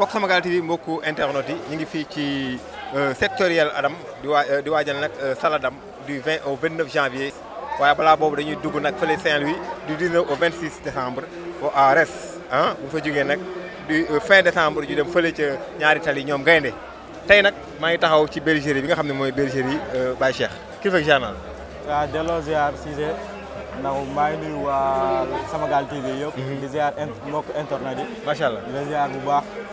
mbokk gal TV mbokku internet yi ñu ngi fi ci euh, sectoriel Adam di wa euh, di wajal nak euh, Saladam du 20 au 29 janvier waaye bala bobu dañuy dugg nak fële Saint-Louis du 19 au 26 décembre au Ares hein bu fa jógee nak du fin décembre ju dem fële ci ñaari tali ñom gaynde tay nak maa ngi taxaw ci bergerie bi nga xam moy bergerie bay Cheikh kilifa gi journal wa delloo ziar Cissé ndax maa ngi nuyu waa Samagal TV yëpp mhm. di ziar mbokk internet yi macha allah di ziar bu baax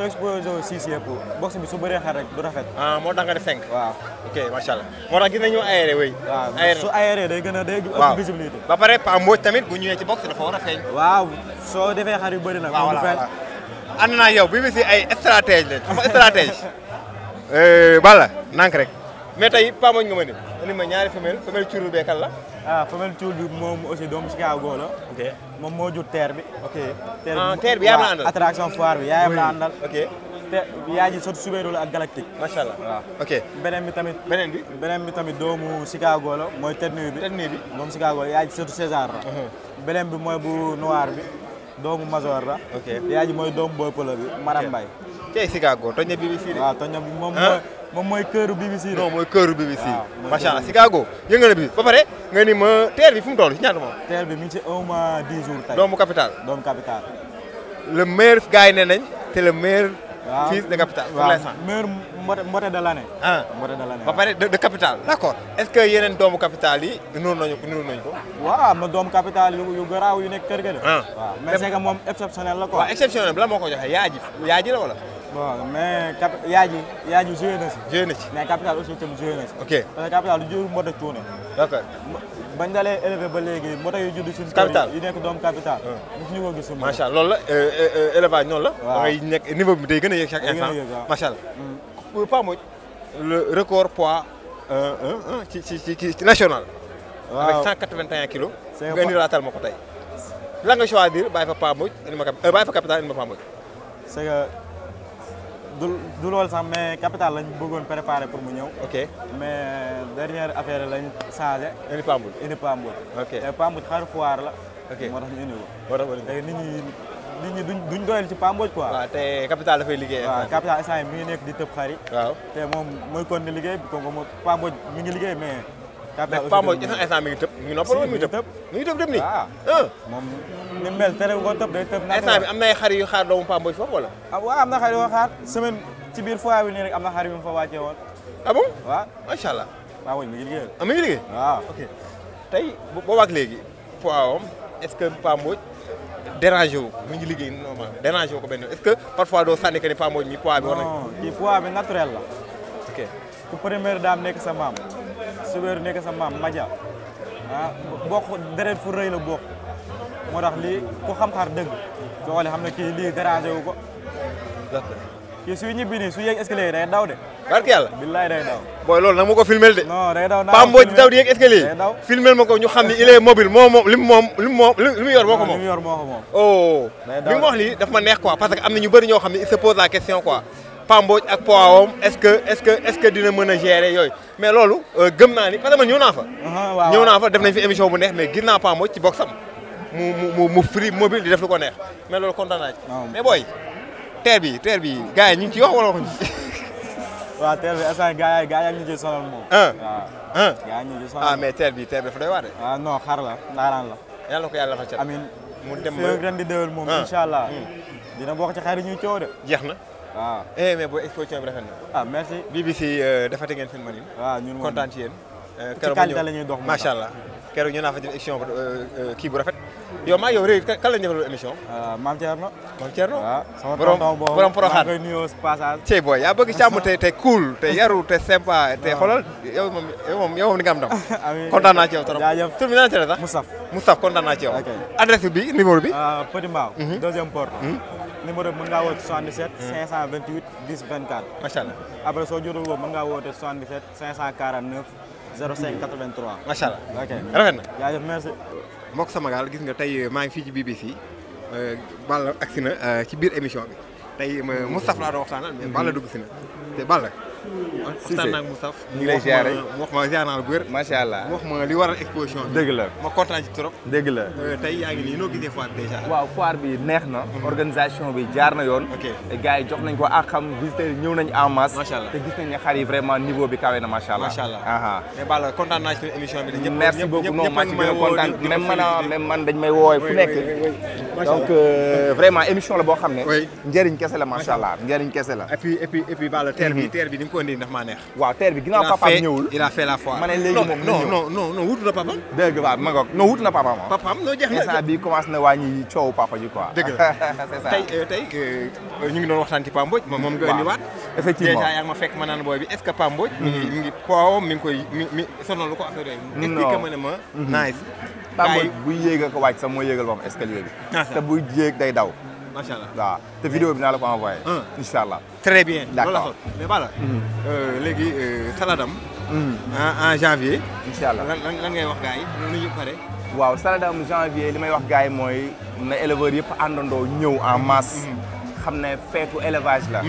soo exposé wu siis yëpp box bi su bëree xar rek du rafet. ah moo tax nga def fenk. waaw ok macha allah moo tax gis nañu aéré wéy. aéré waaw su day gën a day am visibilité. ba pare Pa tamit bu ñëwee ci box dafa war a feeñ. waaw soo defee xar yu bëri nag. waaw waaw waaw naa yow bi bi si ay stratège la xam nga eh, nank rek. mais tey pamooñ nga ma ni indi ma ñaari femelle femelle cuur bi beekal la ah cuur bi moom aussi doomu Chicago la ok moom moo jur teer bi ok terre bi ah, yaayam la àndal attraction foire bi yaayam la àndal ok yaay ji sot Subeeru la ak Galactique macha allah waaw bi tamit beneen bi beneen bi tamit doomu Chicago la mooy tête bi tête nue bi moom Chicago la yaay ji sot César la uh-huh. beneen bi mooy bu noir bi doomu Major la. ok yaay ji mooy doomu Boy Polo bi Maram Mbaye. tey BBC de. waaw toj na ah, moom mooy moom mooy BBC de. non mooy këru BBC. waaw ah, macha allah Chicago yëngal bi ba pare nga ni ma teer bi fu mu toll si ñaata moom. mi ngi ci un mois dix jours tey. doomu capital doomu capital. le meilleur gars yi nee te le meilleur. waaw fils de Capital pour l'instant. meilleur mbote de l'année. Ah. de Capital. d'accord est-ce que yeneen doomu Capital yi nuur nañu ko nuur waaw am na doomu Capital yu yu garaaw yu nekk kër ga de. Ah. waaw mais moom exceptionnel la quoi. exceptionnel bi lan ko joxe yaa ji yaa ji la wala. yaa ji yaa ji joué na si. joué na Capital aussi tamit ok parce Capital du mbote cuune. bañ dalee élevé ba léegi moto yu judd suñu capital yi nekk doom capital ñu ah. ko gis macha allah loolu la euh, euh, euh, élevage noonu la da ngay nekk niveau bi day gën a yéeg chaque instant macha allah mm. Pa Mbodj le record poids ci ci ci national waaw avec 181 kilos nga indi laatal ma ko tey lan nga choisir bàyyi fa Pa Mbodj indi ma bàyyi fa capital indi ma Pa Mbodj c'est que du du loolu sax mais capital lañ bëggoon préparer pour mu ñëw. ok mais dernière affaire lañ changé. indi Pambouj indi Pambouj. ok te euh, Pambouj xaru foire la. moo tax ñu indi ko. moo tax ñu indi nit ñi nit ñi du duñ doyal ci Pambouj quoi. waaw te capital dafay liggéey. waaw capital instant yi mi ngi nekk di tëb xar te moom mooy kon liggéey bi ko que mu ngi liggéey mais. mais Pape Mboy instant instant mi ngi tëb mi ngi noppal mi ngi tëb mi ngi tëb tëb nii moom ni mel tere ko tëb day tëb instant bi am nay xar yu xaar doomu Pape foofu wala am na xar yoo xaar semaine ci biir foyer bi nii rek am na xar yu mu fa wàccee woon ah bon allah Pape mi ngi liggéey ah boobaak léegi poids am est-ce que Pape Mboy dérangé wu mi ngi liggéey normal dérangé wu ko benn est-ce que parfois doo sànni que ni Pape Mboy mi poids si weeru nekk sa maam maja ah bokk deret fu rëy la bokk moo tax lii ku xam xar dëgg soo xam ne kii lii déranger wu ko. kii suy ñibbi nii su yéeg day daw de. barke yàlla billaay day daw. booy loolu nag mu ko de. non day daw naa Paa di daw di yéeg escalier ko ñu xam ni il est moo moom li mu moom li mu moom li mu yor ko li mu moo ko moom. oh. day daw li mu wax lii daf ma neex quoi parce que am na ñu bëri ñoo xam ne il se pose question quoi. Pambooj ak poids est-ce que est-ce que est-ce que dina mën a gérer yooyu mais loolu euh, gëm naa ni parce que man ñëw naa fa. ñëw naa fa def nañ fi émission bu neex mais gis naa Pambooj ci boxam mu mu mu free mobile di def lu ko neex mais loolu kontaan naa ci mais booy teer bi teer bi gars yi ñu ngi ciy wax wala waxuñu ci. waaw teer bi instant gars yi gars yi ñu ngi ciy sonal moom. ah ah gars yi ñu ngi ciy sonal ah mais teer bi teer bi dafa doy waar de. ah non xar la ndaaraan la. yàlla ko yàlla defal ca amiin mu dem ba ren di déwél moom incha allah mm. dina bokk ci xar yi ñuy coow de jeex na waaw ah. eh mais booy exposition bi rafet na. ah bi si defate ngeen film nii. waaw ñun kontaan ci yéen. Euh, keroog la ñuy dox macha allah. keroog ñu naa fa def émission euh, euh, kii bu rafet. yow maa yow réew kan lañu defal émission. maam Thierno. maam Thierno waaw ah, sama tonton boobu borom yaa bëgg càmm te te cool te yaru te sympa te xoolal yow moom yow moom yow moom ni nga am ndam. amiin kontaan naa ci yow Moustapha kontaan naa ci yow. adresse bi numéro bi. Euh, Petit Mbao. Mhm. deuxième porte. Mhm. numéro bi mën ngaa woote 77. 528 10 24. macha allah après soo jotul woo mën ngaa woote 77 549 05 83. allah ok rafet na. mbokk sama gaal gis nga tey maa ngi fii ci BBC euh, la agsi na euh, ci biir émission bi tey Moustapha laa doon waxtaanal mais Balla mhm. dugg si na te Balla. waxtaan naag mu saf ñu ngi lay mu wax ma ziar naa macha allah wax ma li waral exposition bi dëgg la ma kontaan ci trop dëgg la euh, tey yaa ngi nii noo gisee foire déjà waaw foire bi neex na mhm. organisation bi jaar na yoon gars yi jox nañ ko ak xam visiteurs ñëw nañ en masse macha allah te gis nañ ne yi vraiment niveau bi kawe na macha allah aa mais Balla bi merci beaucoup non ma ci gën a kontaan man dañ may woowe fu nekk donc euh, vraiment émission la bo xamné ne. njëriñ kese la macha allah njëriñ la. et puis et puis et puis Balla terre bi mhm. terre bi ni ko indi ndax ma neex. waaw terre bi ginnaaw papa ñewul. il a fait la foi. ma ne léegi moom non non non non wutu na papaam. dëgg waaw ma ngoog non wutu na papaam ah. papaam noo jeex na instant bi commencé na wàññi coowu papa ji quoi. dëgg c'est ça Tay euh, tay euh, ñu ngi doon waxtan ci Pape Mbodj. moom moom nga indiwaat. effectivement déjà ya ngi ma fekk ma naan booy bi est-ce que Pape Mbodj. mi ngi mhm. mi ngi poowam mi ngi koy mi mi sonalu ko affaire yooyu. non ma ne ma. Mhm. nice. Pape Mbodj buy yéeg a ko wàcc sax moo yéegal ba am escalier bi. te buy jéeg day daw. macha allah waaw te vidéo bi naa la ko envoyé. incha allah très bien. d' la mais Balla. Mm-hmm. Euh, léegi euh, saladam. Mm-hmm. en janvier. incha allah ngay wax gars yi nu ñu waaw saladam janvier li may wax gars yi mooy na éleveurs yëpp àndandoo ñëw en masse. Mm-hmm. xam ne feetu élevage la.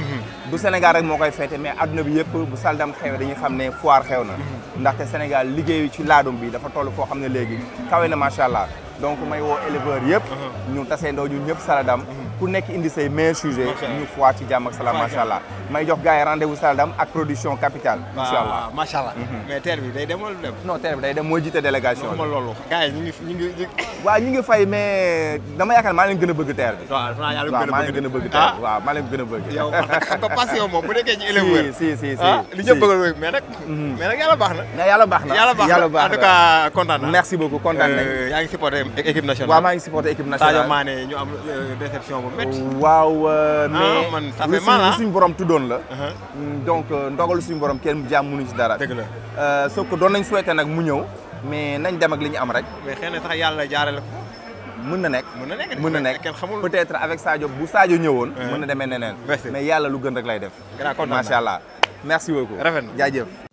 du Sénégal rek moo koy feete mais adduna bi yëpp bu saladam xew dañuy xam ne foire xew na. ndaxte Sénégal liggéey ci laadum bi dafa toll foo xam ne léegi kawe na macha allah. donc may woo éleveurs yëpp. Uh-huh. ñu tasee ndaw ñun ñëpp Saladam. Uh-huh. ku nekk indi say meilleurs sujets ñu fois ci jàmm ak salaam macha allah may jox gars yi rendez-vous Saladam ak production capitale incha ah, allah macha allah mhm. mais terre bi day dem wala dem non terre bi day dem moo jiite délégation bi loolu gars yi ñu ngi ñu ngi waaw ñu ngi fay mais dama yaakaar maa leen gën a bëgg terre bi waaw maa leen gën a bëgg terre ah? waaw maa leen gën a bëgg yow xam nga passion moom bu nekkee ci éleveur si si si ah, li ñëpp bëgg mais nag mhm. mais nag yàlla baax na yàlla baax na yàlla baax na en tout cas kontaan na merci beaucoup kontaan nañ euh, yaa ngi supporté équipe nationale waaw maa ngi supporté équipe nationale Sadio Mané ñu am euh, déception waaw euh, ah, mais lu suñu borom doon la uh-huh. mm, donc euh, ndogalu suñu borom kenn jaam mënuñ si dara dëgg la euh, sauf que doon nañ souhaité nag mu ñëw mais nañ dem ak li ñu am rek mais xëy na sax yàlla jaarale ko mun na nekk mën na nekk peut-être avec Sadio bu Sadio ñëwoon uh-huh. mën na demee neneen mais yàlla lu gën rek lay def macha allah merci beaucoup rafet na jaajëf